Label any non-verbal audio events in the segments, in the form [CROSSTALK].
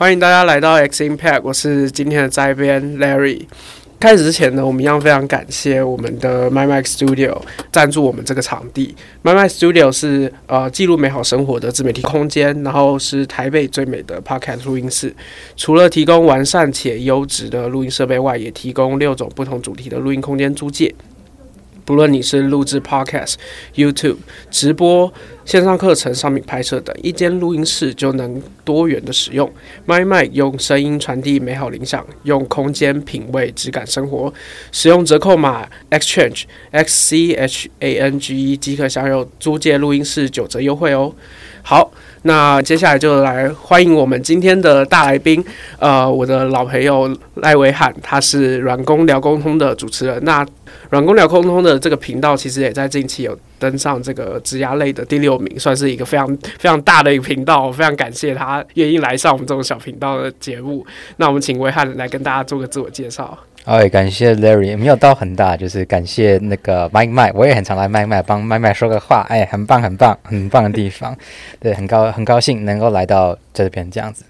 歡迎大家來到 X-IMPACT，我是今天的哉編 Larry。開始之前呢，我們一樣非常感謝我們的 MicMind Studio 贊助我們這個場地。MicMind Studio 是呃記錄美好生活的自媒體空間，然後是台北最美的 Podcast 錄音室。除了提供完善且優質的錄音設備外，也提供六種不同主題的錄音空間租借。無論你是錄製 Podcast、YouTube 直播、線上課程、商品拍攝等，一間錄音室就能多元的使用。MicMind 用聲音傳遞美好理想，用空間品味質感生活。使用折扣碼 Xchange X, change, X C H A N G E 即可享有租借錄音室九折優惠哦。好，那接下來就來歡迎我們今天的大來賓，呃，我的老朋友賴威翰，他是軟工聊溝通的主持人。那軟工聊溝通的這個頻道，其實也在近期有登上這個職涯類的第六名，算是一個非常非常大的一個頻道。非常感謝他願意來上我們這種小頻道的節目。那我們請威翰來跟大家做個自我介紹。哎，感謝 Larry，沒有到很大，就是感謝那個麥麥，我也很常來麥麥，幫麥麥說個話。哎，很棒，很棒，很棒的地方。 [LAUGHS] 對，很高，很高興能夠來到這邊這樣子。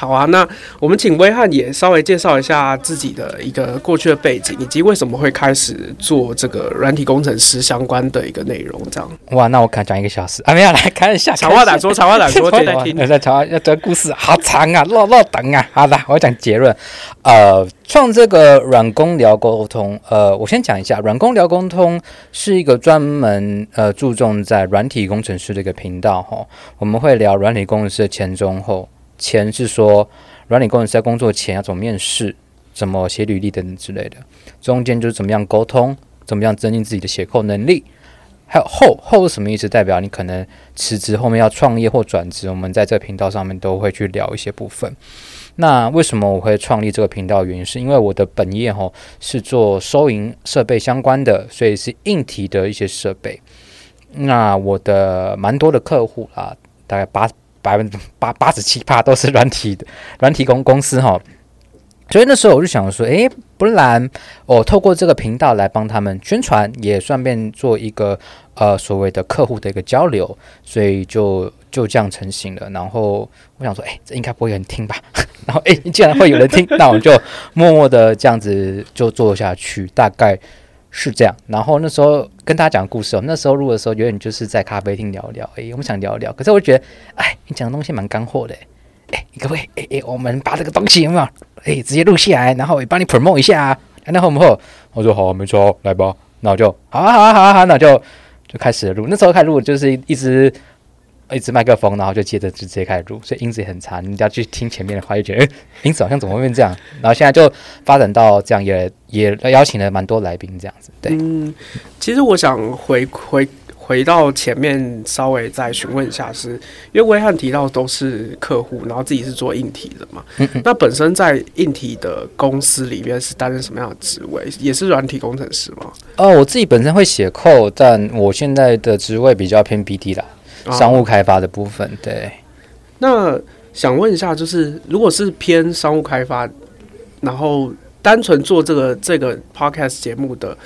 好啊，那我們請威翰也稍微介紹一下自己的一個過去的背景，以及為什麼會開始做這個軟體工程師相關的一個內容。這樣哇，那我可能講一個小時啊，沒有來看一下。長話短說，長話短說，現 [LAUGHS] 在聽，現在長要講故事，好長啊，落落長啊。好了，我要講結論。呃，創這個軟工聊溝通，呃，我先講一下，軟工聊溝通是一個專門呃注重在軟體工程師的一個頻道哈、哦。我們會聊軟體工程師的前中後。前是說，軟體工程師在工作前要怎麼面試、怎麼寫履歷等等之類的。中間就是怎麼樣溝通、怎麼樣增進自己的寫 code 能力，還有後後是什麼意思？代表你可能辭職後面要創業或轉職，我們在這頻道上面都會去聊一些部分。那為什麼我會創立這個頻道？原因是因為我的本業吼是做收銀設備相關的，所以是硬體的一些設備。那我的蠻多的客戶啊，大概八。百分之八八十七趴都是軟體的軟體公公司哈，所以那時候我就想說，誒、欸，不然我、哦、透過這個頻道來幫他們宣傳，也算變做一個呃所謂的客戶的一個交流，所以就就這樣成型了。然後我想說，誒、欸，這應該不會有人聽吧？然後誒，既、欸、然會有人聽， [LAUGHS] 那我們就默默的這樣子就做下去。大概。是這樣，然後那時候跟大家講故事、哦，那時候錄的時候，覺得你就是在咖啡廳聊聊誒、哎，我們想聊聊，可是我覺得，哎，你講的東西蠻乾貨的，哎，各位，誒，誒，哎我們把這個東西有沒有，哎，直接錄下來，然後也幫你 promote 一下，啊、那好不好？我說好，沒錯，來吧，那我就，好啊好啊好啊好，那我就就開始錄，那時候開始錄就是一,一直。一支麥克風，然後就接着直接開始錄，所以音質很差。你一定要去聽前面的話，就覺得哎， [LAUGHS] 音質好像怎麼會變這樣？然後現在就發展到這樣也，也也邀請了蠻多來賓這樣子。對，嗯，其實我想回回回到前面，稍微再詢問一下是，是因為威漢提到都是客戶，然後自己是做硬體的嘛？嗯嗯，那本身在硬體的公司裡面是擔任什麼樣的職位？也是軟體工程師嗎？啊、哦，我自己本身會寫扣，但我現在的職位比較偏 BD 啦。商務開發的部分，啊、對。那想問一下，就是如果是偏商務開發，然後單純做這個這個 podcast 節目的，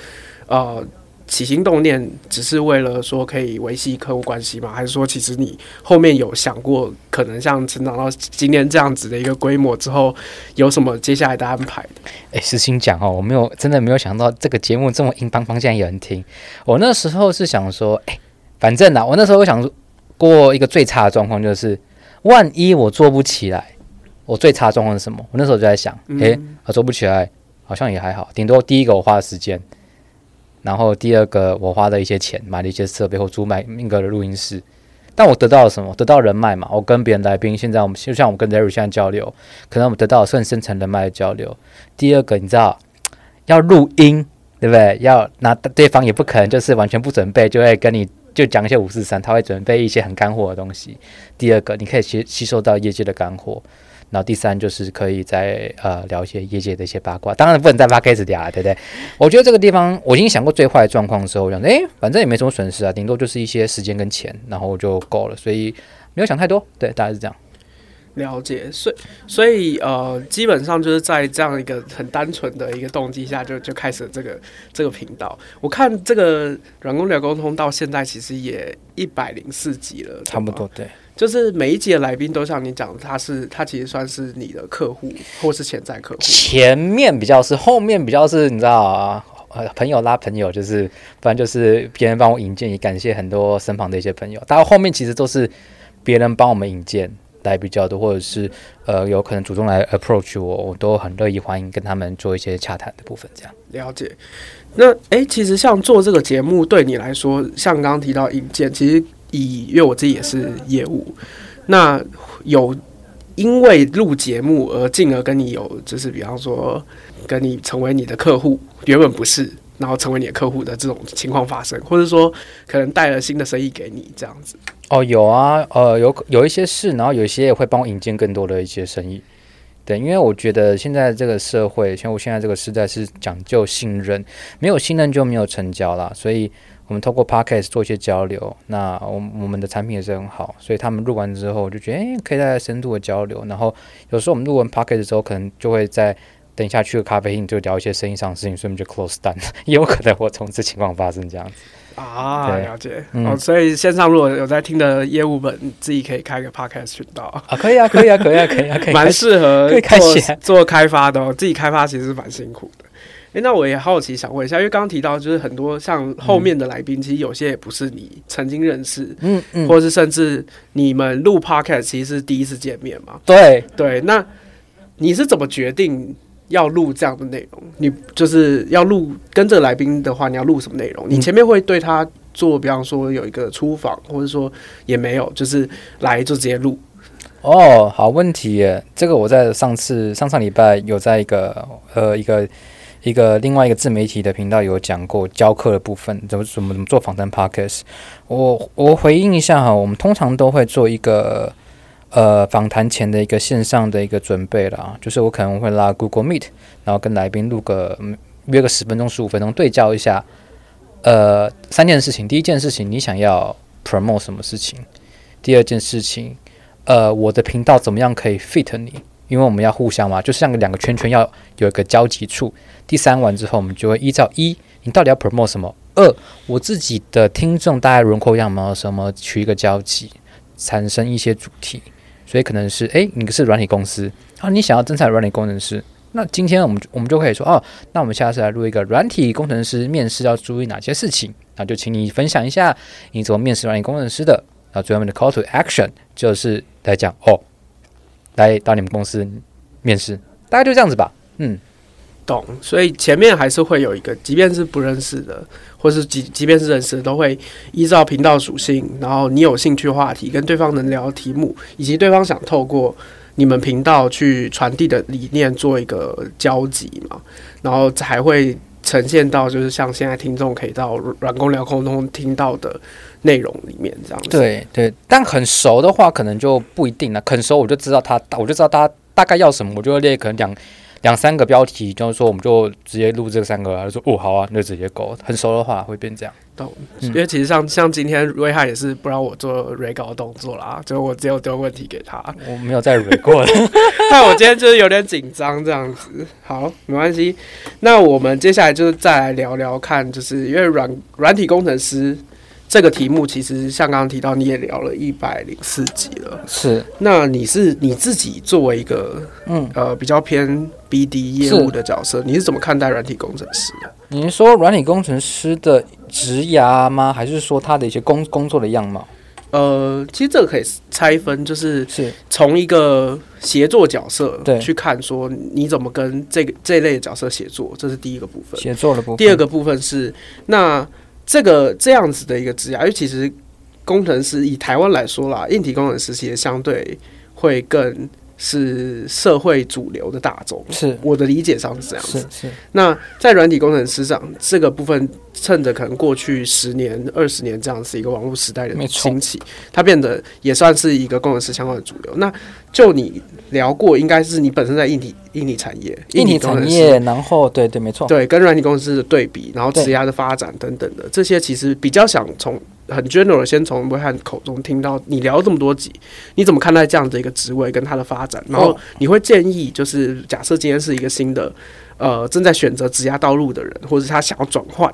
呃，起心動念只是為了說可以維繫客戶關係嗎？還是說其實你後面有想過，可能像成長到今天這樣子的一個規模之後，有什麼接下來的安排的？哎、欸，實心講哦，我沒有真的沒有想到這個節目這麼硬邦邦，竟然有人聽。我那時候是想說，誒、欸，反正呢、啊，我那時候想說。過一個最差的狀況就是，萬一我做不起來，我最差狀況是什麼？我那時候就在想，誒、嗯欸，我做不起來，好像也還好，頂多第一個我花了時間，然後第二個我花了一些錢，買了一些設備或租買那個錄音室。但我得到了什麼？得到人脈嘛。我跟別人來賓，現在我們就像我們跟 Larry 現在交流，可能我們得到更深層人脈的交流。第二個，你知道要錄音，對不對？要那對方也不可能就是完全不準備，就會跟你。就講一些五四三，他會準備一些很乾貨的東西。第二個，你可以吸吸收到業界的乾貨。然後第三就是可以再呃聊一些業界的一些八卦。當然不能再挖 case 的啊，對不對？我覺得這個地方我已經想過最壞的狀況的時候，我想，哎，反正也沒什麼損失啊，頂多就是一些時間跟錢，然後就夠了，所以沒有想太多。對，大概是這樣。了解，所以所以呃，基本上就是在這樣一個很單純的一個動機下就，就就開始了這個這個頻道。我看這個軟工聊溝通到現在其實也一百零四集了，差不多對。就是每一集的來賓都像你講的，他是他其實算是你的客戶或是潛在客戶。前面比較是，後面比較是你知道啊，朋友拉朋友，就是不然就是別人幫我引薦，也感謝很多身旁的一些朋友。到後面其實都是別人幫我們引薦。待比較多，或者是呃，有可能主動來 approach 我，我都很樂意歡迎跟他們做一些洽談的部分，這樣。了解。那，哎，其實像做這個節目對你來說，像剛剛提到引薦，其實以因為我自己也是業務，那有因為錄節目而進而跟你有，就是比方說跟你成為你的客戶，原本不是，然後成為你的客戶的這種情況發生，或者說可能帶了新的生意給你，這樣子。哦，有啊，呃，有有一些事，然後有一些也會幫我引薦更多的一些生意，對，因為我覺得現在這個社會，像我現在這個時代是講究信任，沒有信任就沒有成交啦，所以我們通過 podcast 做一些交流，那我們我們的產品也是很好，所以他們錄完之後，我就覺得誒、哎，可以再來深度的交流，然後有時候我們錄完 podcast 之後，可能就會在等一下去個咖啡廳，就聊一些生意上的事情，所以我們就 close down。也有可能我從這情況發生這樣子。啊，對了解、嗯、哦，所以線上如果有在聽的業務本，自己可以開個 podcast 頻道啊，可以啊，可以啊，可以啊，可以啊，可以，蠻適 [LAUGHS] 合做開做,做開發的、哦，自己開發其實是蠻辛苦的。哎、欸，那我也好奇想問一下，因為剛剛提到就是很多像後面的來賓，嗯、其實有些也不是你曾經認識，嗯嗯，嗯或者是甚至你們錄 podcast 其實是第一次見面嘛？對對，那你是怎麼決定？要錄這樣的內容，你就是要錄跟着來賓的話，你要錄什麼內容？你前面會對他做，比方說有一個出訪，或者說也沒有，就是來就直接錄。哦，好問題耶，這個我在上次上上禮拜有在一個呃一個一個另外一個自媒體的頻道有講過教課的部分，怎麼怎麼怎麼做訪談 podcast。我我回應一下哈，我們通常都會做一個。呃，訪談前的一個線上的一個準備了啊，就是我可能會拉 Google Meet，然後跟來賓錄個、嗯、約個十分鐘、十五分鐘，對焦一下。呃，三件事情：第一件事情，你想要 promote 什麼事情？第二件事情，呃，我的頻道怎麼樣可以 fit 你？因為我們要互相嘛，就是、像兩個圈圈要有一個交集處。第三完之後，我們就會依照一，你到底要 promote 什麼？二，我自己的聽眾大概輪廓樣貌什麼，取一個交集，產生一些主題。所以可能是，哎，你是軟體公司，啊，你想要增產軟體工程師，那今天我們我們就可以說，哦、啊，那我們下次來錄一個軟體工程師面試要注意哪些事情，那，就請你分享一下你怎麼面試軟體工程師的，啊，最後面的 call to action 就是來講，哦，來到你們公司面試，大概就這樣子吧，嗯。懂，所以前面還是會有一個，即便是不認識的，或是即即便是認識的，都會依照頻道屬性，然後你有興趣話題，跟對方能聊的題目，以及對方想透過你們頻道去傳遞的理念做一個交集嘛，然後才會呈現到就是像現在聽眾可以到軟工聊溝通聽到的內容裡面這樣子。對對，但很熟的話，可能就不一定了。很熟，我就知道他，我就知道他大概要什麼，我就會列可能講。兩三個標題，就是說，我們就直接錄這三個。他說：“哦，好啊，那直接夠了。”很熟的話會變這樣。嗯、因為其實像像今天威翰也是不讓我做蕊稿動作了，就我只有丟問題給他。我沒有再蕊過了，但我今天就是有點緊張這樣子。好，沒關係。那我們接下來就是再來聊聊看，就是因為軟軟體工程師。這個題目其實像剛剛提到，你也聊了一百零四集了。是，那你是你自己作為一個嗯呃比較偏 BD 業務的角色，是你是怎麼看待軟體工程師的？你是說軟體工程師的職涯嗎？還是說他的一些工工作的樣貌？呃，其實這個可以拆分，就是從一個協作角色對去看，說你怎麼跟這個這一類的角色協作，這是第一個部分。協作的部分。第二個部分是那。這個這樣子的一個職業，因為其實工程師以台灣來說啦，硬體工程師其實相對會更是社會主流的大眾。是我的理解上是這樣子。是，是那在軟體工程師上，這個部分趁着可能過去十年、二十年這樣子一個網絡時代的興起，沒錯。它變得也算是一個工程師相關的主流。那就你。聊過應該是你本身在硬體、硬體產業，硬體產業，然後對對沒錯，對跟軟體公司的對比，然後職涯的發展等等的對這些，其實比較想從很 general 先從威翰口中聽到。你聊這麼多集，你怎麼看待這樣的一個職位跟它的發展？然後你會建議，就是假設今天是一個新的，哦、呃，正在選擇職涯道路的人，或者他想要轉換，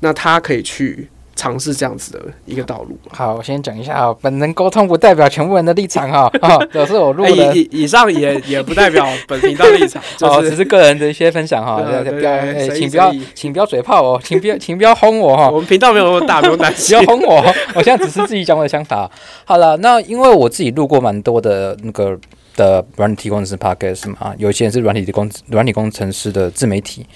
那他可以去。嘗試這樣子的一個道路。好，我先講一下啊、哦，本人溝通不代表全部人的立場哈、哦、啊，都、 [LAUGHS] 哦，就是我錄音以上也也不代表本頻道的立場，就是、哦，只是個人的一些分享哈。請不要請不要嘴炮哦， [LAUGHS] 請不要請不要轟我哈、哦。我們頻道沒有那麼大， [LAUGHS] 不用擔心。 [LAUGHS] 不要轟我，我現在只是自己講我的想法。好了，那因為我自己錄過蠻多的那個。的軟體工程師 podcast 嘛，有些人是軟體的工軟體工程師的自媒體，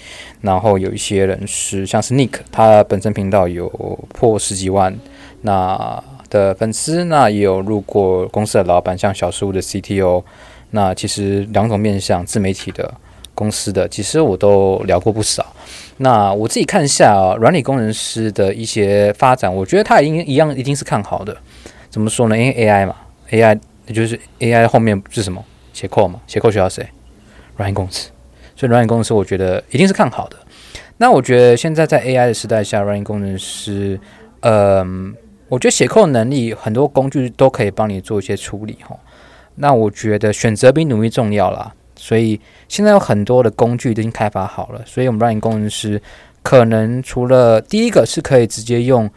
然後有一些人是像是 Nick，他本身頻道有破十幾萬那的粉絲，那也有入過公司的老板，像小事物的 CTO，那其實兩種面向自媒體的公司的，其實我都聊過不少。那我自己看一下啊，軟體工程師的一些發展，我覺得他已經一樣一定是看好的。怎麼說呢？因為 AI 嘛，AI。那就是 AI 後面是什麼？寫 code 嘛？寫 code 需要誰？軟件工程師。所以軟件工程師，我覺得一定是看好的。那我覺得現在在 AI 的時代下，軟件工程師，嗯、呃，我覺得寫 code 能力很多工具都可以幫你做一些處理哈。那我覺得選擇比努力重要啦。所以現在有很多的工具都已經開發好了，所以我們軟件工程師可能除了第一個是可以直接用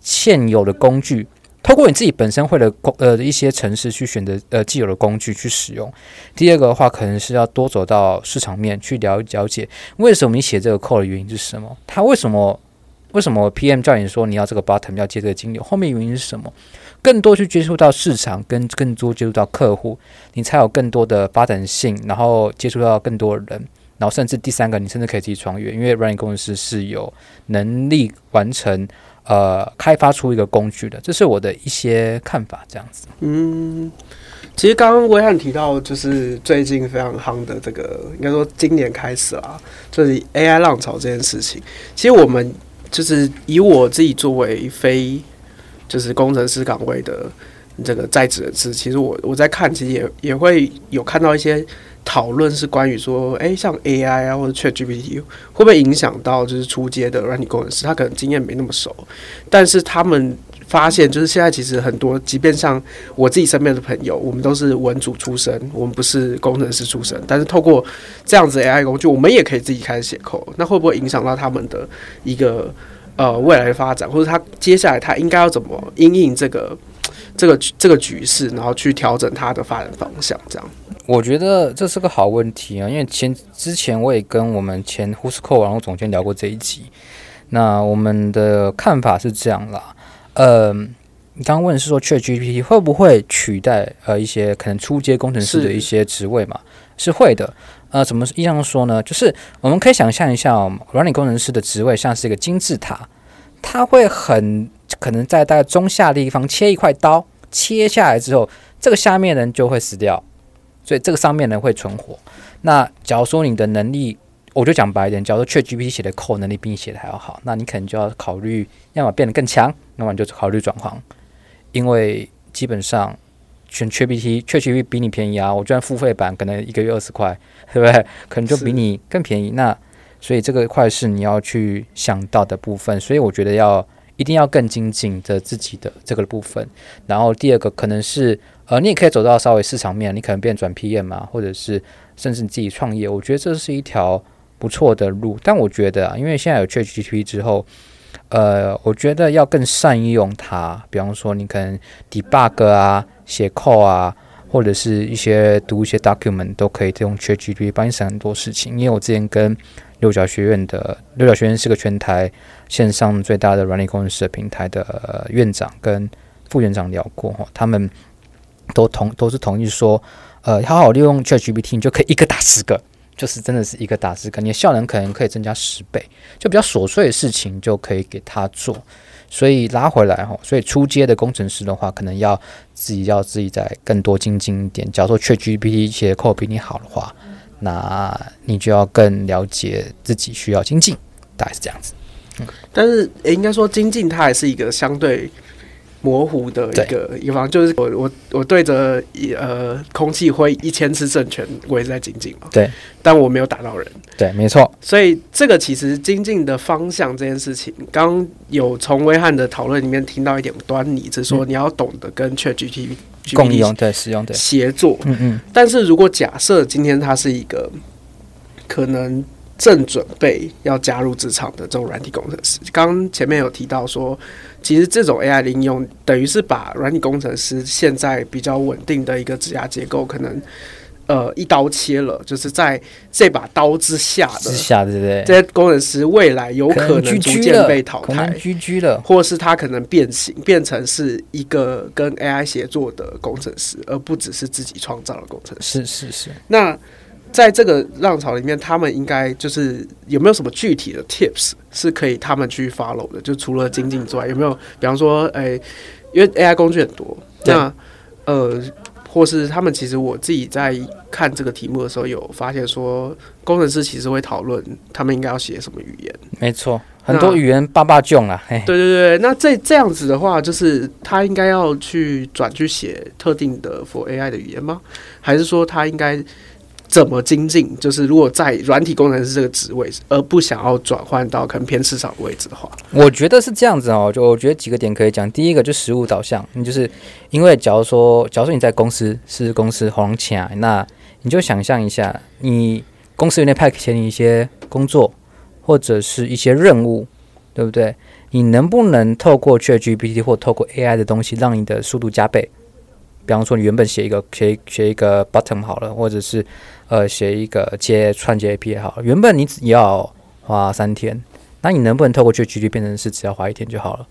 現有的工具。透過你自己本身會的工呃一些程式，去選擇呃既有的工具去使用。第二個的話，可能是要多走到市場面去了了解，為什麼你寫這個 c 的原因是什麼？他為什麼為什麼 PM 教你說你要這個 button 要接這個經理。後面原因是什麼？更多去接觸到市場，跟更，更多接觸到客戶，你才有更多的發展性，然後接觸到更多的人，然後甚至第三個，你甚至可以自己創業，因為軟 n g 公司是有能力完成。呃，開發出一個工具的，這是我的一些看法，這樣子。嗯，其實剛剛威翰提到，就是最近非常夯的這個，應該說今年開始啦、啊，就是 AI 浪潮這件事情。其實我們就是以我自己作為非就是工程師崗位的這個在職人士，其實我我在看，其實也也會有看到一些。討論是關於說，誒、欸，像 AI 啊或者 ChatGPT 會不會影響到就是初階的軟體工程師？他可能經驗沒那麼熟，但是他們發現就是現在其實很多，即便像我自己身邊的朋友，我們都是文組出身，我們不是工程師出身，但是透過這樣子的 AI 工具，我們也可以自己開始寫 code。那會不會影響到他們的一個呃未來的發展，或者他接下來他應該要怎麼因應這個？這個這個局勢，然後去調整它的發展方向，這樣。我覺得這是個好問題啊，因為前之前我也跟我們前 h u s k e 網路總監聊過這一集。那我們的看法是這樣啦，嗯、呃，你剛剛問是說，ChatGPT 會不會取代呃一些可能初階工程師的一些職位嘛？是，是會的。呃，怎麼意義上說呢？就是我們可以想象一下、哦、軟體工程師的職位像是一個金字塔，它會很。可能在大概中下的地方切一塊刀，切下來之後，這個下面人就會死掉，所以這個上面人會存活。那假如說你的能力，我就講白一點，假如說 ChatGPT 寫的扣能力比你寫的還要好，那你可能就要考慮，要麼變得更強，要麼你就考慮轉行，因為基本上選 ChatGPT，ChatGPT 比你便宜啊。我居然付費版可能一個月二十塊，對不對？可能就比你更便宜。是那所以這個塊是你要去想到的部分，所以我覺得要。一定要更精進的自己的這個部分，然後第二個可能是，呃，你也可以走到稍微市場面，你可能變轉 PM 啊，或者是甚至你自己創業，我覺得這是一條不錯的路。但我覺得啊，因為現在有 ChatGPT 之後，呃，我覺得要更善用它，比方說你可能 debug 啊、寫扣啊。或者是一些讀一些 document 都可以用 ChatGPT 幫你省很多事情。因為我之前跟六角學院的六角學院是個全台線上最大的軟體工程師的平台的、呃、院長跟副院長聊過，哦、他們都同都是同意說，呃，好好利用 ChatGPT，你就可以一個打十個，就是真的是一個打十個，你的效能可能可以增加十倍，就比較瑣碎的事情就可以給他做。所以拉回來哈，所以初階的工程師的話，可能要自己要自己再更多精進一點。假如說 ChatGPT 且 Code 比你好的話，嗯、那你就要更了解自己需要精進，大概是這樣子。嗯、okay.，但是、欸、應該說精進它還是一個相對。模糊的一個一個方，對就是我我我對着一呃空氣揮一千次正拳，我也是在精進嘛、喔。對，但我沒有打到人。對，沒錯。所以這個其實精進的方向這件事情，剛有從威翰的討論裡面聽到一點端倪，只、就是說你要懂得跟 ChatGPT 共用、對使用、對協作。嗯嗯。但是如果假設今天它是一個可能。正準備要加入職場的這種軟體工程師，剛前面有提到說，其實這種 AI 應用等於是把軟體工程師現在比較穩定的一個職業結構，可能呃一刀切了，就是在這把刀之下的，之下，對不對，這些工程師未來有可能逐漸被淘汰，或者是他可能變形，變成是一個跟 AI 協作的工程師，而不只是自己創造的工程師。是是是。那在這個浪潮裡面，他們應該就是有沒有什麼具體的 tips 是可以他們去 follow 的？就除了精進之外，有沒有？比方說，哎、欸，因為 AI 工具很多，對那呃，或是他們其實我自己在看這個題目的時候，有發現說，工程師其實會討論他們應該要寫什麼語言。沒錯，很多語言巴巴醬啊。嘿對對對，那這這樣子的話，就是他應該要去轉去寫特定的 for AI 的語言嗎？還是說他應該？怎麼精進？就是如果在軟體工程師這個職位，而不想要轉換到可能偏市場位置的話，我覺得是這樣子哦、喔。就我覺得幾個點可以講，第一個就是實務導向，你就是因為假如說，假如說你在公司是公司紅人啊，那你就想象一下，你公司有那派給你一些工作或者是一些任務，對不對？你能不能透過 ChatGPT 或透過 AI 的東西，讓你的速度加倍？比方說，你原本寫一個寫寫一個 button 好了，或者是呃寫一個接串接 API 也好了，原本你只要花三天，那你能不能透過學習變成是只要花一天就好了？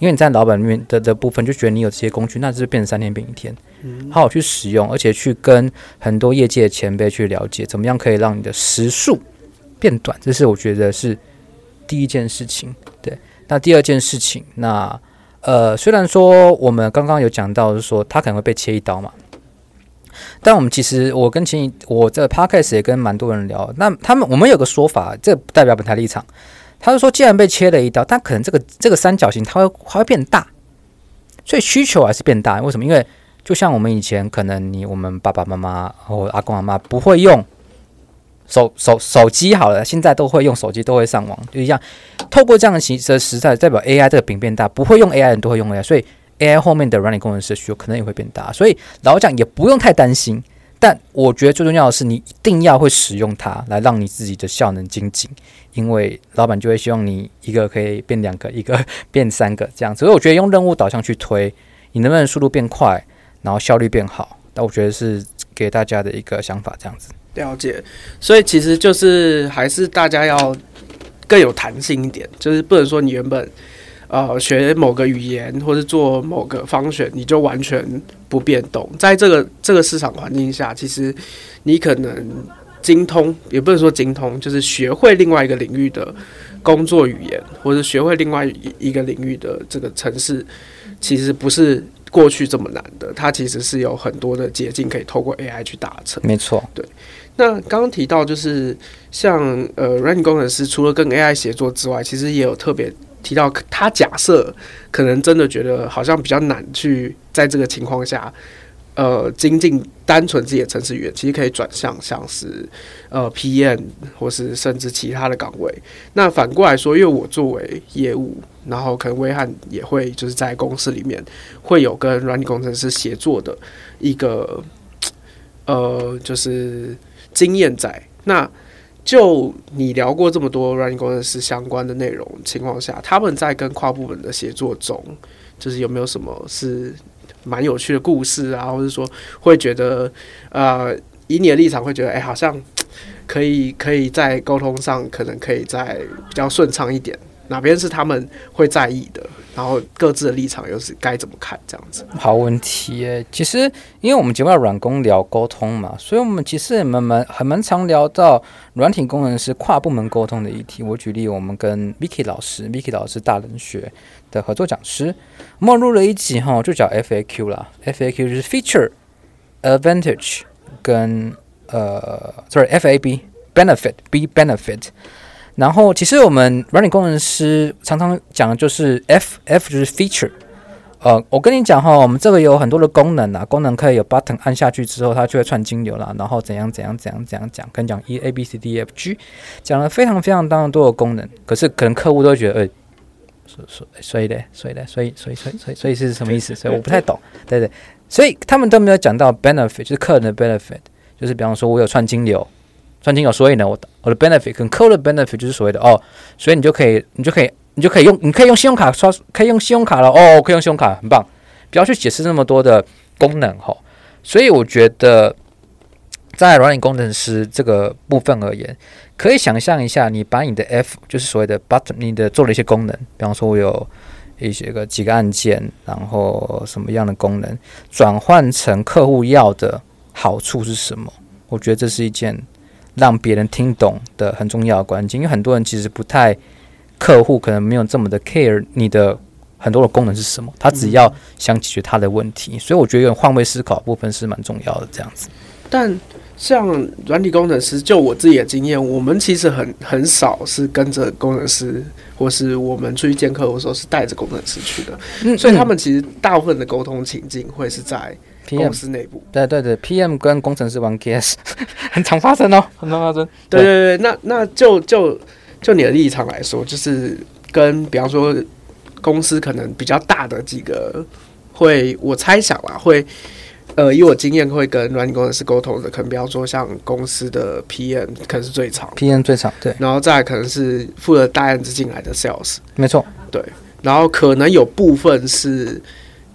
因為你在老板面的的、的部分，就覺得你有這些工具，那就變成三天變一天，嗯、好好去使用，而且去跟很多業界前輩去了解，怎麼樣可以讓你的時數變短？這是我覺得是第一件事情。對，那第二件事情，那呃，雖然說我們剛剛有講到，就是說它可能會被切一刀嘛，但我們其實我跟前，我在 Podcast 也跟蠻多人聊，那他們我們有個說法，這個、不代表本台立場，他是說既然被切了一刀，但可能這個這個三角形它會它會變大，所以需求還是變大。為什麼？因為就像我們以前可能你我們爸爸媽媽或阿公阿媽不會用。手手手機好了，現在都會用手機，都會上網，就一樣。透過這樣的形式實在代表 AI 這個餅變大，不會用 AI 人都會用 AI。所以 AI 後面的軟體工程師需求可能也會變大。所以老講也不用太擔心，但我覺得最重要的是你一定要會使用它，來讓你自己的效能精進，因為老板就會希望你一個可以變兩個，一個變三個這樣子。所以我覺得用任務導向去推，你能不能速度變快，然後效率變好？那我覺得是給大家的一個想法，這樣子。了解，所以其實就是還是大家要更有彈性一點，就是不能說你原本呃學某個語言或者做某個 function，你就完全不變動。在這個這個市場環境下，其實你可能精通也不能說精通，就是學會另外一個領域的工作語言，或者學會另外一一個領域的這個程式，其實不是。過去這麼難的，它其實是有很多的捷徑可以透過 AI 去達成。沒錯，對。那剛剛提到就是像呃，軟件工程師除了跟 AI 協作之外，其實也有特別提到，他假設可能真的覺得好像比較難去在這個情況下。呃，精進單純自己的程式語言，其實可以轉向像是呃 PM 或是甚至其他的崗位。那反過來說，因為我作為業務，然後可能威翰也會就是在公司裡面會有跟軟體工程師協作的一個呃，就是經驗在。那就你聊過這麼多軟體工程師相關的內容情況下，他們在跟跨部門的協作中，就是有沒有什麼是蠻有趣的故事啊，或者說會覺得，呃，以你的立場會覺得，哎、欸，好像可以可以在溝通上，可能可以再比較順暢一點。哪邊是他們會在意的，然後各自的立場又是該怎麼看，這樣子。好問題、欸。其實，因為我們今天要軟工聊溝通嘛，所以我們其實也蠻蠻很蠻常聊到軟體工程師跨部門溝通的議題。我舉例，我們跟 Vicky 老師，Vicky 老師大人學。.的合作講師，冒入了一集哈、哦，就講 FAQ 啦 FAQ 就是 feature advantage 跟呃，sorry，FAB benefit，b benefit be benefit，然後其實我們軟體工程師常常講的就是 F，F 就是 feature。呃，我跟你講哈、哦，我們這個有很多的功能啦、啊，功能可以有 button 按下去之後，它就會串金流啦，然後怎樣怎樣怎樣怎樣，怎樣講，跟你講 e a、b、c、d、e、f、g，講了非常非常當多的功能，可是可能客戶都覺得哎。所所以呢，所以呢，所以所以所以所以所以是什麼意思？所以我不太懂，對對，所以他們都沒有講到 benefit，就是客人的 benefit，就是比方說我有串金流，串金流，所以呢，我我的 benefit 跟客戶的 benefit 就是所謂的哦，所以你就可以，你就可以，你就可以用，你可以用信用卡刷，可以用信用卡了哦，可以用信用卡，很棒，不要去解釋那麼多的功能哈、哦，所以我覺得。在軟件工程師這個部分而言，可以想象一下，你把你的 F 就是所謂的 button，你的做了一些功能，比方說我有一些個幾個按鍵，然後什麼樣的功能轉換成客戶要的好處是什麼？我覺得這是一件讓別人聽懂的很重要的關鍵，因為很多人其實不太，客戶可能沒有這麼的 care 你的很多的功能是什麼，他只要想解決他的問題，嗯、所以我覺得有換位思考部分是蠻重要的這樣子，但。像軟體工程師，就我自己的經驗，我們其實很很少是跟着工程師，或是我們出去見客戶的時候是帶着工程師去的，嗯嗯、所以他們其實大部分的溝通情境會是在公司內部。PM，對對對，PM 跟工程師玩 KS，很常發生哦，很常發生。對對對，那那就就就你的立場來說，就是跟比方說公司可能比較大的幾個會，我猜想啦會。呃，以我經驗，會跟軟件工程師溝通的，可能比方說像公司的 PM，可能是最長，PM 最長，對，然後再來可能是負責大案子進來的 Sales，沒錯，對，然後可能有部分是，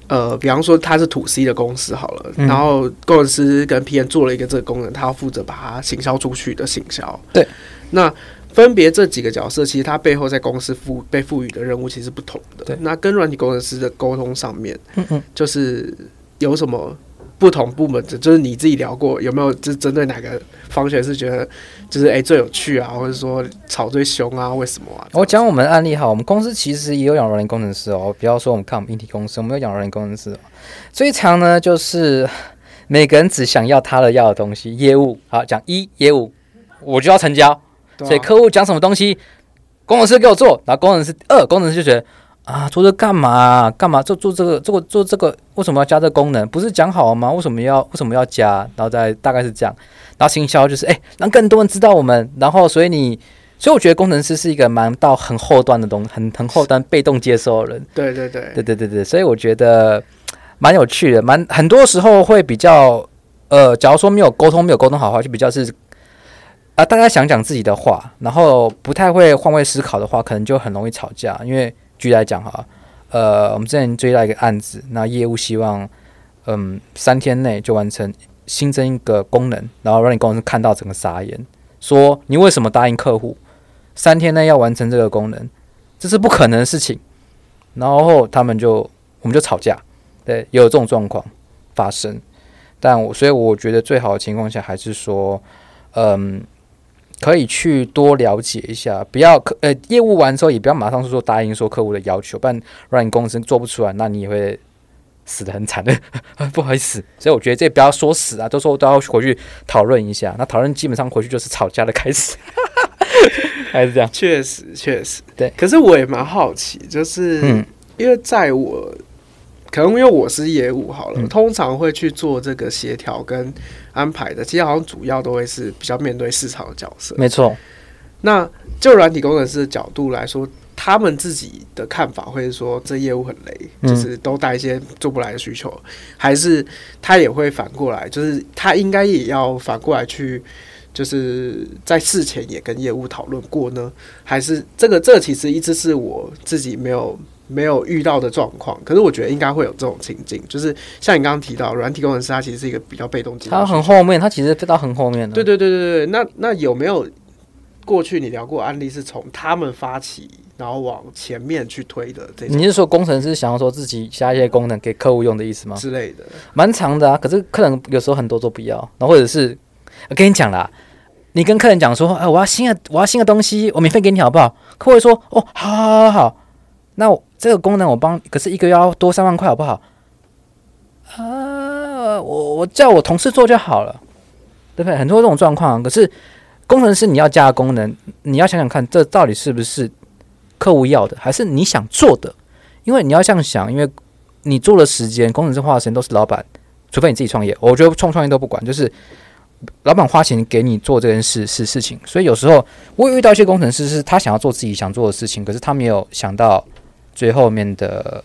呃，比方說他是 to C 的公司好了，嗯、然後工程師跟 PM 做了一個這個功能，他要負責把它行銷出去的行銷，對，那分別這幾個角色，其實他背後在公司賦被賦予的任務其實不同的，對，那跟軟件工程師的溝通上面，嗯嗯，就是有什麼？不同部門的，就是你自己聊過，有沒有？就針對哪個方向是覺得，就是誒、欸、最有趣啊，或者說吵最兇啊，為什麼？啊？我講、哦、我們的案例哈，我們公司其實也有養軟體工程師哦，比方說我們看我們硬體公司，我們有養軟體工程師、哦。最常呢，就是每個人只想要他的要的東西，業務。好，講一業務，我就要成交，對啊，所以客戶講什麼東西，工程師給我做，然後工程師二，工程師就覺得。啊，做這幹嘛啊？幹嘛做做這個？做做這個為什麼要加這個功能？不是講好了嗎？為什麼要為什麼要加？然後再大概是這樣。然後行銷就是誒，讓更多人知道我們。然後所以你，所以我覺得工程師是一個蠻到很後端的東西，很很後端被動接受的人。對對對，對對對對，所以我覺得蠻有趣的，蠻很多時候會比較呃，假如說沒有溝通，沒有溝通好的話，就比較是啊，大家想講自己的話，然後不太會換位思考的話，可能就很容易吵架，因為。舉例來講哈，呃，我們之前追到一個案子，那業務希望，嗯，三天內就完成新增一個功能，然後讓你公司看到整個傻眼，說你為什麼答應客戶三天內要完成這個功能？這是不可能的事情。然後他們就，我們就吵架，對，也有這種狀況發生。但我所以我覺得最好的情況下還是說，嗯。可以去多了解一下，不要客呃，業務完之後也不要馬上說，說答應說客戶的要求，不然讓你公司做不出來，那你也會死得很慘的。 [LAUGHS] 不好意思，所以我覺得這也不要說死啊，都說都要回去討論一下，那討論基本上回去就是吵架的開始， [LAUGHS] 還是這樣？確實，確實對。可是我也蠻好奇，就是、嗯、因為在我。可能因為我是業務好了，嗯、通常會去做這個協調跟安排的。其實好像主要都會是比較面對市場的角色。沒錯。那就軟體工程師的角度來說，他們自己的看法會是說這業務很雷，就是都帶一些做不來的需求，嗯、還是他也會反過來，就是他應該也要反過來去，就是在事前也跟業務討論過呢？還是這個這個、其實一直是我自己沒有。沒有遇到的狀況，可是我覺得應該會有這種情境，就是像你剛剛提到的，軟體工程師他其實是一個比較被動，他很後面，他其實飛到很後面的。對對對對對。那那有沒有過去你聊過案例，是從他們發起，然後往前面去推的這？這你是說工程師想要說自己加一些功能給客戶用的意思嗎？之類的，蠻長的啊。可是客人有時候很多都不要，那或者是我跟你講啦，你跟客人講說，哎、啊，我要新的，我要新的東西，我免費給你好不好？客戶會說，哦，好好好好，那我。這個功能我幫，可是一個要多三萬塊，好不好？啊，uh，我我叫我同事做就好了，對不對？很多這種狀況啊，可是工程師你要加的功能，你要想想看，這到底是不是客戶要的，還是你想做的？因為你要這樣想，因為你做的時間，工程師花的時間都是老闆，除非你自己創業。我覺得創不創業都不管，就是老闆花錢給你做這件事，是事情。所以有時候我遇到一些工程師，是他想要做自己想做的事情，可是他沒有想到。最後面的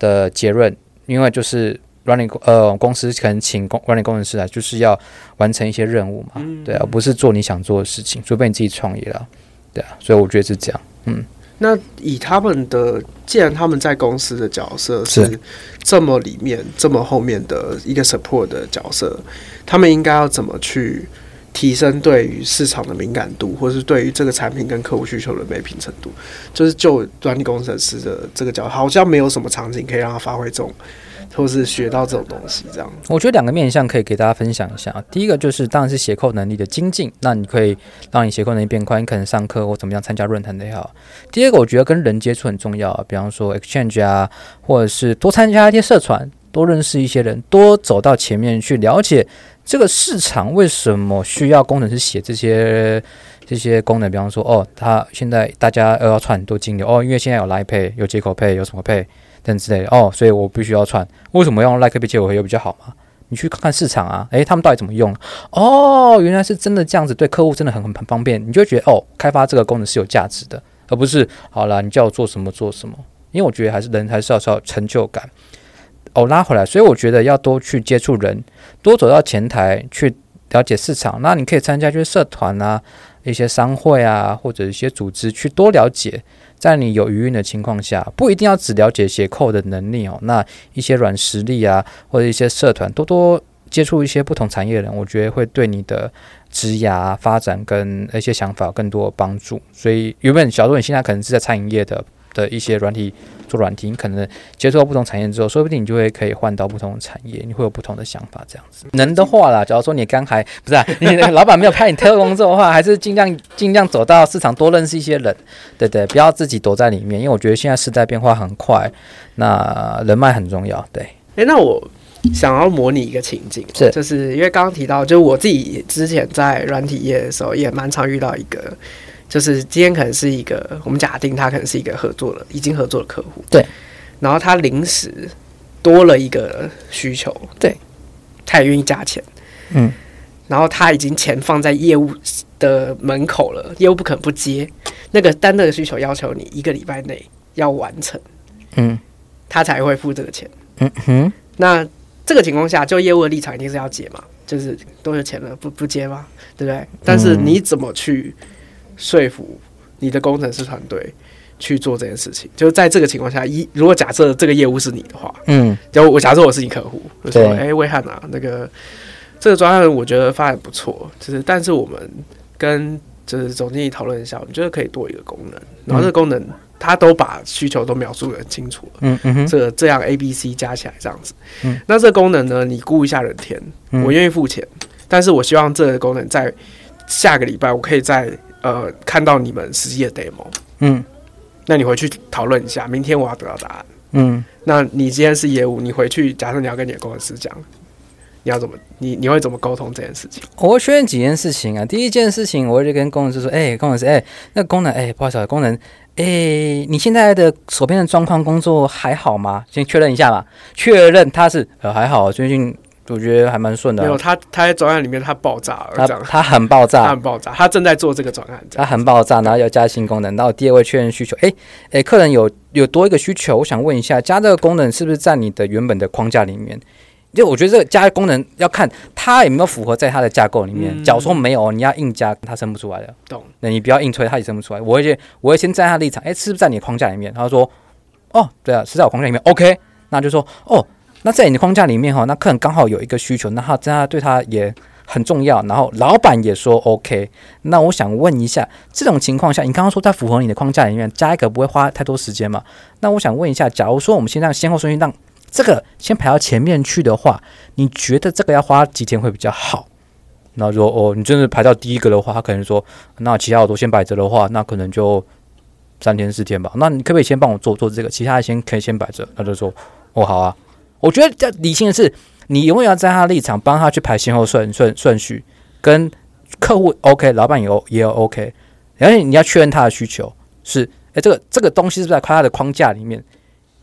的結論，因為就是軟領呃公司可能請軟軟工程師來，就是要完成一些任務嘛，嗯、對啊，不是做你想做的事情，除非你自己創業了，對啊，所以我覺得是這樣，嗯。那以他們的，既然他們在公司的角色是這麼裡面，是這麼後面的一個 support 的角色，他們應該要怎麼去？提升對於市場的敏感度，或者是對於這個產品跟客戶需求的沒品程度，就是就端工程師的這個角度，好像沒有什麼場景可以讓他發揮這種，或是學到這種東西。這樣，我覺得兩個面向可以給大家分享一下。第一個就是，當然是寫 code 能力的精進，那你可以讓你寫 code 能力變快，你可能上課或怎麼樣參加論壇也好。第二個，我覺得跟人接觸很重要，比方說 exchange 啊，或者是多參加一些社團。多認識一些人，多走到前面去了解這個市場為什麼需要工程師寫這些這些功能。比方說，哦，他現在大家又要串很多金流哦，因為現在有 Line Pay，有接口 Pay，有什麼 Pay 等等之類的哦，所以我必須要串。為什麼要用 Line Pay 接口有比較好嗎？你去看看市場啊，誒，他們到底怎麼用？哦，原來是真的這樣子，對客戶真的很很方便。你就會覺得哦，開發這個功能是有價值的，而不是好了，你叫我做什麼做什麼。因為我覺得還是人還是要要有成就感。哦，拉回來，所以我覺得要多去接觸人，多走到前台去了解市場。那你可以參加一些社團啊，一些商會啊，或者一些組織去多了解。在你有餘運的情況下，不一定要只了解 code 的能力哦。那一些軟實力啊，或者一些社團，多多接觸一些不同產業的人，我覺得會對你的職涯、啊、發展跟一些想法有更多幫助。所以原本小周，你現在可能是在餐飲業的的一些軟體。做軟體，你可能接觸到不同產業之後，說不定你就會可以換到不同的產業，你會有不同的想法。這樣子，能的話啦，假如說你剛才不是、啊，你老闆沒有派你特殊工作的話，還是盡量盡量走到市場，多認識一些人，對對，不要自己躲在裡面。因為我覺得現在時代變化很快，那人脈很重要。對，誒，那我想要模擬一個情景，是就是因為剛剛提到，就我自己之前在軟體業的時候，也蠻常遇到一個。就是今天可能是一個，我們假定他可能是一個合作了已經合作的客戶，對。然後他臨時多了一個需求，對。他也願意加錢，嗯。然後他已經錢放在業務的門口了，業務不可能不接。那個單個的需求要求你一個禮拜內要完成，嗯。他才會付這個錢，嗯哼。那這個情況下，就業務的立場一定是要接嘛，就是都有錢了，不不接嗎？對不對？但是你怎麼去嗯說服你的工程師團隊去做這件事情，就是在這個情況下，一如果假設這個業務是你的話，嗯，就我假設我是你客戶，就說：“哎對，威翰、欸、啊，那個這個專案我覺得發展不錯，就是但是我們跟就是總經理討論一下，我們覺得可以多一個功能。嗯、然後這個功能他都把需求都描述得很清楚嗯嗯，這、嗯、這樣 A B C 加起來這樣子，嗯，那這個功能呢，你估一下人天，我願意付錢，嗯、但是我希望這個功能在下個禮拜我可以在。”呃，看到你們實際的 demo，嗯，那你回去討論一下，明天我要得到答案，嗯，那你今天是業務，你回去，假設你要跟你的工程師講，你要怎麼，你你會怎麼溝通這件事情？我會確認幾件事情啊，第一件事情，我會去跟工程師說，哎、欸，工程師，哎、欸，那功能，哎、欸，不好意思、啊，功能，哎、欸，你現在的手邊的狀況，工作還好嗎？先確認一下吧，確認他是呃還好，最近。我覺得還蠻順的、啊。沒有他，他在專案裡面他爆炸了他。他很爆炸，他很爆炸。他正在做這個專案，他很爆炸，然後要加新功能。然後第二位確認需求，誒、欸、誒、欸，客人有有多一個需求，我想問一下，加這個功能是不是在你的原本的框架裡面？就我覺得這個加功能要看他有沒有符合在他的架構裡面。嗯、假如說沒有，你要硬加，他生不出來的。那你了不要硬推，他也生不出來。我會，我會先站在他的立場，誒、欸，是不是在你的框架裡面？他說，哦，對啊，是在我框架裡面。OK，那就說，哦。那在你的框架裡面哈，那客人剛好有一個需求，那他對他也很重要，然後老板也說 OK。那我想問一下，這種情況下，你剛剛說他符合你的框架裡面，加一個不會花太多時間嘛？那我想問一下，假如說我們先讓先後順序讓這個先排到前面去的話，你覺得這個要花幾天會比較好？那如果哦，你真的排到第一個的話，他可能說，那其他我都先擺着的話，那可能就三天四天吧。那你可不可以先幫我做做這個，其他的先可以先擺着？他就說，哦，好啊。我覺得比較理性的是，你永遠要在他立場，幫他去排先後順順順序，跟客戶 OK，老板也也 OK，而且你要確認他的需求是，哎，這個這個東西是不是在他的框架裡面，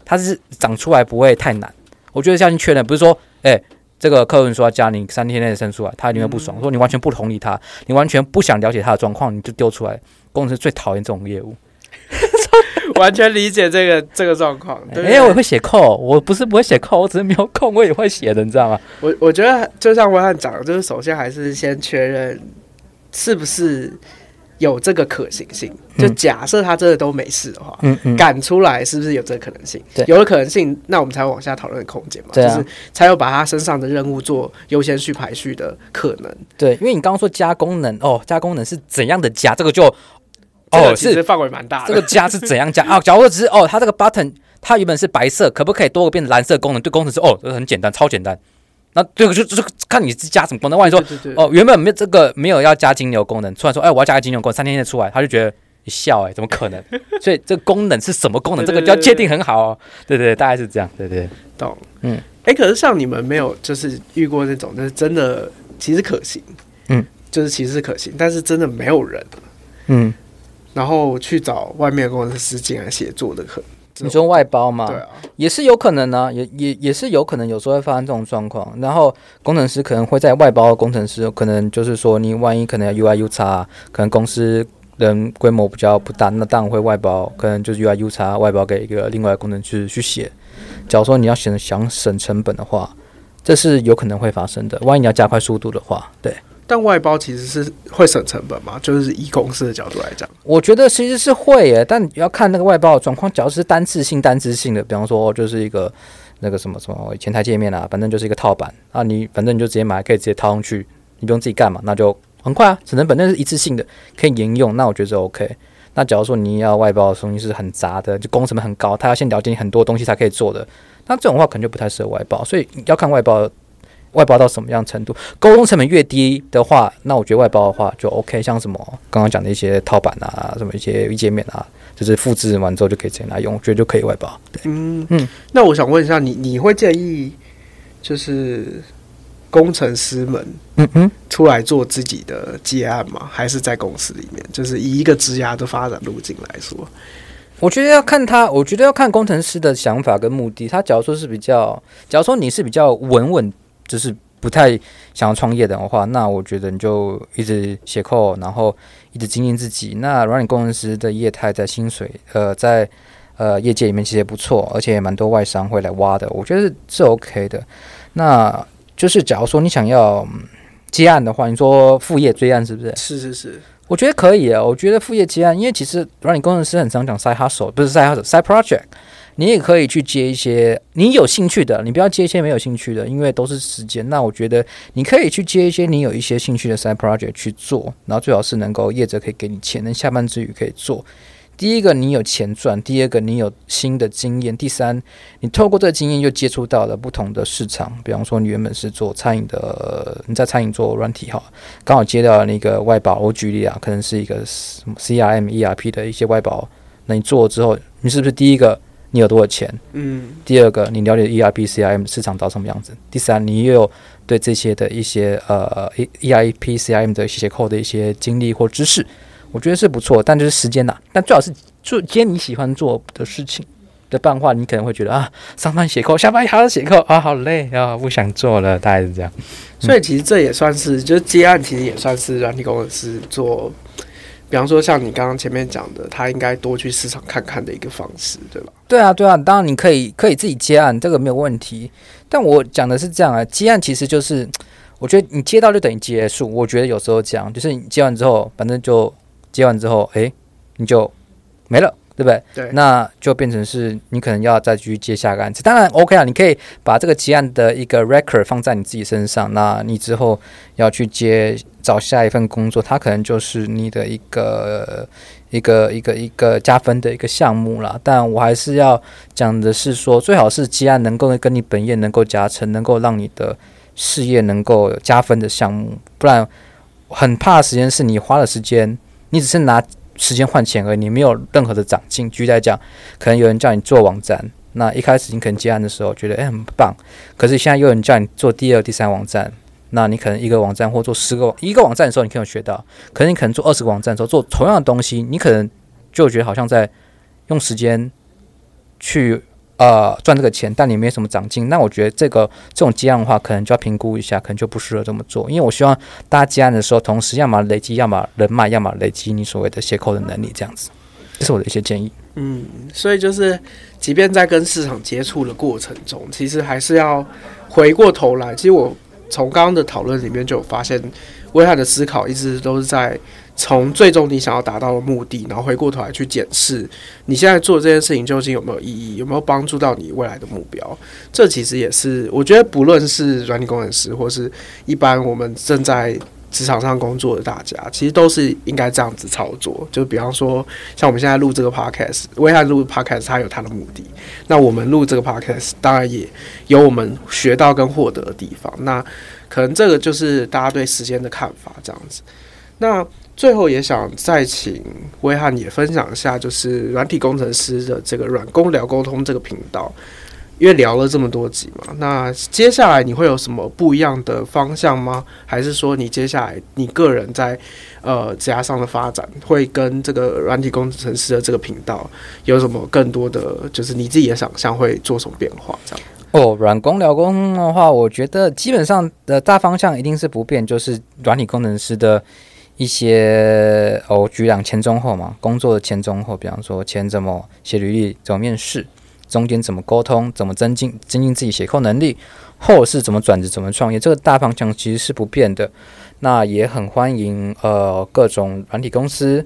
它是長出來不會太難。我覺得相信確認，不是說，哎，這個客人說要加你三天內生出來，他一定會不爽，說你完全不同理他，你完全不想了解他的狀況，你就丟出來，公司最討厭這種業務。 [LAUGHS] 完全理解這個這個狀況。對、欸、我也會寫扣，我不是不會寫扣，我只是沒有空，我也會寫的，你知道嗎？我我覺得就像威翰講的，就是首先還是先確認是不是有這個可行性。就假設他真的都沒事的話，趕、嗯、出來是不是有這個可能性？對、嗯嗯，有了可能性，那我們才會往下討論空間嘛，啊、就是才有把他身上的任務做優先序排序的可能。對，因為你剛剛說加功能哦，加功能是怎樣的加？這個就。哦，是範圍蠻大的哦。這個加是怎樣加 [LAUGHS] 啊？假如說只是哦，它這個 button 它原本是白色，可不可以多個變藍色的功能？對能，工程師哦，這很簡單，超簡單。那這個就就，就，就看你是加什麼功能。萬一說對對對對哦，原本沒這個沒有要加金流功能，突然說哎，我要加個金流功能，三天內出來，他就覺得你笑誒、欸，怎麼可能？ [LAUGHS] 所以這個功能是什麼功能？這個就要界定很好哦。對對對，對對，大概是這樣。對對，懂。嗯，哎、欸，可是像你們沒有就是遇過那種，嗯、但是真的其實可行，嗯，就是其實是可行，但是真的沒有人，嗯。然後去找外面的工程師進來協作的。可你說外包嗎？對啊，也是有可能呢。啊，也也也是有可能，有時候會發生這種狀況。然後工程師可能會在外包，工程師可能就是說，你萬一可能要 UIUX 可能公司人規模比較不大，那當然會外包，可能就是 UIUX 外包給一個另外一個工程師去，去寫。假如說你要想想省成本的話，這是有可能會發生的。萬一你要加快速度的話，對。但外包其實是會省成本嘛？就是以公司的角度來講，我覺得其實是會誒、欸，但你要看那個外包的狀況。假如是單次性、單次性的，比方說就是一個那個什麼什麼前台界面啊，反正就是一個套板啊，你反正你就直接買，可以直接套上去，你不用自己幹嘛，那就很快啊，省成本。本身是一次性的可以沿用，那我覺得 OK。那假如說你要外包的東西是很雜的，就工程很高，他要先了解你很多東西才可以做的，那這種話可能就不太適合外包，所以要看外包的。外包到什麼樣程度，溝通成本越低的話，那我覺得外包的話就 OK。像什麼剛剛講的一些套版啊，什麼一些 UI 界面啊，就是複製完之後就可以直接拿用，我覺得就可以外包。對。嗯嗯。嗯，那我想問一下，你你會建議就是工程師們嗯嗯，出來做自己的接案嗎？還是在公司裡面？就是以一個職涯的發展路徑來說，我覺得要看他。我覺得要看工程師的想法跟目的。他假如說是比較，假如說你是比較穩穩。就是不太想要創業的話，那我覺得你就一直寫 code，然後一直經營自己。那軟件工程師的業態在薪水，呃，在呃業界裡面其實也不錯，而且也蠻多外商會來挖的。我覺得是 OK 的。那就是假如說你想要接案的話，你說副業追案是不是？是是是，我覺得可以啊。我覺得副業接案，因為其實軟件工程師很常講 side hustle，不是 side hustle，side project。你也可以去接一些你有興趣的，你不要接一些沒有興趣的，因為都是時間。那我覺得你可以去接一些你有一些興趣的 side project 去做，然後最好是能夠業者可以給你錢，能下班之餘可以做。第一個，你有錢賺；第二個，你有新的經驗；第三，你透過這個經驗又接觸到了不同的市場。比方說，你原本是做餐飲的，你在餐飲做軟體哈，剛好接到了那個外包。我舉例啊，可能是一個什麼 CRM、ERP 的一些外包。那你做了之後，你是不是第一個？你有多少錢？嗯，第二個，你了解 ERP、CRM 市場到什麼樣子？第三，你也有對這些的一些呃 E、ERP、CRM 的寫扣的一些經歷或知識，我覺得是不錯。但就是時間吶，但最好是做接你喜歡做的事情的辦法，你可能會覺得啊，上班寫扣，下班還要寫扣，啊，好累啊，不想做了，大概是這樣。嗯，所以其實這也算是，就接案其實也算是軟體公司做。比方說，像你剛剛前面講的，他應該多去市場看看的一個方式，對吧？對啊，對啊，當然你可以可以自己接案，這個沒有問題。但我講的是這樣啊，接案其實就是，我覺得你接到就等於結束。我覺得有時候講就是你接完之後，反正就接完之後，誒，你就沒了，對不對？對，那就變成是你可能要再繼續接下個案子。當然 OK 啊，你可以把這個結案的一個 record 放在你自己身上，那你之後要去接找下一份工作，它可能就是你的一個一個一個一個加分的一個項目啦。但我還是要講的是說，最好是接案能夠跟你本業能夠加成，能夠讓你的事業能夠加分的項目。不然，很怕的時間是你花了時間，你只是拿時間換錢而已，你沒有任何的長進。舉個例子講，可能有人叫你做網站，那一開始你可能接案的時候覺得哎，很棒，可是現在又有人叫你做第二、第三網站。那你可能一個網站或做十個網一個網站的時候，你可以有學到。可是你可能做二十個網站的時候做同樣的東西，你可能就覺得好像在用時間去呃賺這個錢，但你沒什麼長進。那我覺得這個這種接案的話，可能就要評估一下，可能就不適合這麼做。因為我希望大家接案的時候，同時要麼累積，要麼人脈，要麼累積你所謂的寫 code 的能力，這樣子。這是我的一些建議。嗯，所以就是，即便在跟市場接觸的過程中，其實還是要回過頭來，其實我。從剛剛的討論裡面就發現，威翰的思考一直都是在從最終你想要達到的目的，然後回過頭來去檢視你現在做這件事情究竟有沒有意義，有沒有幫助到你未來的目標。這其實也是我覺得，不論是軟體工程師或是一般我們正在。職場上工作的大家，其實都是應該這樣子操作。就比方說，像我們現在錄這個 podcast，威翰 podcast，威翰錄 podcast，他有他的目的。那我們錄這個 podcast，當然也有我們學到跟獲得的地方。那可能這個就是大家對時間的看法，這樣子。那最後也想再請威翰也分享一下，就是軟體工程師的這個軟工聊溝通這個頻道。因為聊了這麼多集嘛，那接下來你會有什麼不一樣的方向嗎？還是說你接下來你個人在呃職涯上的發展會跟這個軟體工程師的這個頻道有什麼更多的，就是你自己的想象會做什麼變化？這樣哦，軟工聊溝通的話，我覺得基本上的大方向一定是不變，就是軟體工程師的一些哦，職涯前中後嘛，工作的前中後，比方說前怎麼寫履歷，怎麼面試。中間怎麼溝通，怎麼增進增進自己寫稿能力，或者是怎麼轉職，怎麼創業，這個大方向其實是不變的。那也很歡迎呃各種軟體公司、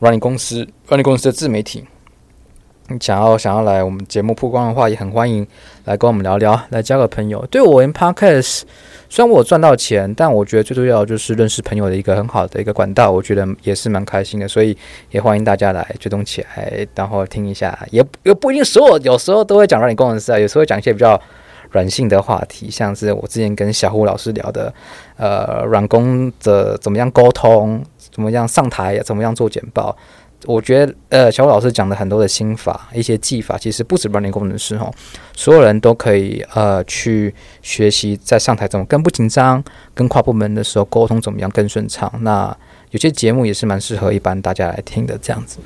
軟體公司、軟體公司的自媒體。你想要想要來我們節目曝光的話，也很歡迎來跟我們聊聊，來交個朋友。對我 in Podcast，雖然我賺到錢，但我覺得最重要就是認識朋友的一個很好的一個管道，我覺得也是蠻開心的。所以也歡迎大家來追蹤起來，然後聽一下，也也不一定所有有時候都會講軟工人士啊，有時候會講一些比較軟性的話題，像是我之前跟小胡老師聊的，呃，軟工的怎麼樣溝通，怎麼樣上台，怎麼樣做簡報。我覺得，呃，小老師講的很多的心法，一些技法，其實不止，軟體工程師哈，所有人都可以呃去學習，在上台怎麼更不緊張，跟跨部門的時候溝通怎麼樣更順暢。那有些節目也是蠻適合一般大家來聽的，這樣子。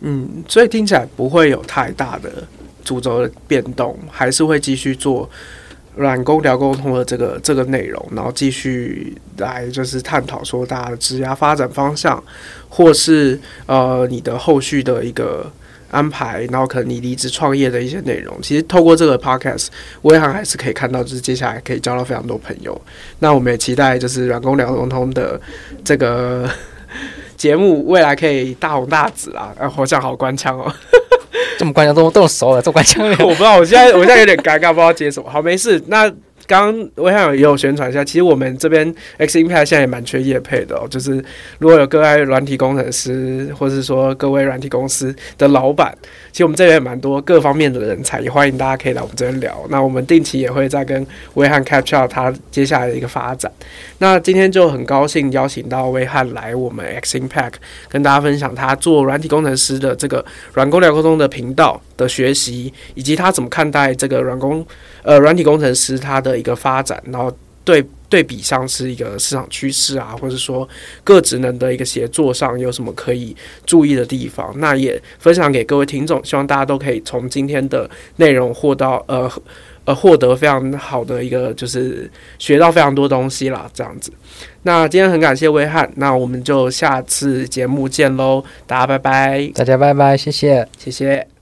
嗯，所以聽起來不會有太大的主軸的變動，還是會繼續做軟工聊溝通的這個這個內容，然後繼續來就是探討說大家的職涯發展方向。或是呃你的後續的一個安排，然後可能你離職創業的一些內容，其實透過這個 podcast 威翰還是可以看到，就是接下來可以交到非常多朋友。那我們也期待就是軟工聊溝通的這個 [LAUGHS] 節目未來可以大紅大紫啦啊！哎，好像好官腔哦， [LAUGHS] 這麼官腔，都都熟了，這麼官腔。 [LAUGHS] 我不知道，我現在我現在有點尷尬，不知道接什麼。好，沒事，那。剛威翰也有宣傳一下，其實我們這邊 X Impact 現在也蠻缺業配的哦。就是如果有各位軟體工程師，或者是說各位軟體公司的老板，其實我們這邊也蠻多各方面的人才，也歡迎大家可以來我們這邊聊。那我們定期也會再跟威翰 catch up 他接下來的一個發展。那今天就很高興邀請到威翰來我們 X Impact 跟大家分享他做軟體工程師的這個軟工聊溝通的頻道。的學習，以及他怎麼看待這個軟工呃軟體工程師他的一個發展，然後對對比上是一個市場趨勢啊，或者說各職能的一個協作上有什麼可以注意的地方？那也分享給各位聽眾，希望大家都可以從今天的內容獲到呃呃獲得非常好的一個就是學到非常多東西啦，這樣子。那今天很感謝威翰，那我們就下次節目見嘍！大家拜拜，大家拜拜，謝謝，謝謝。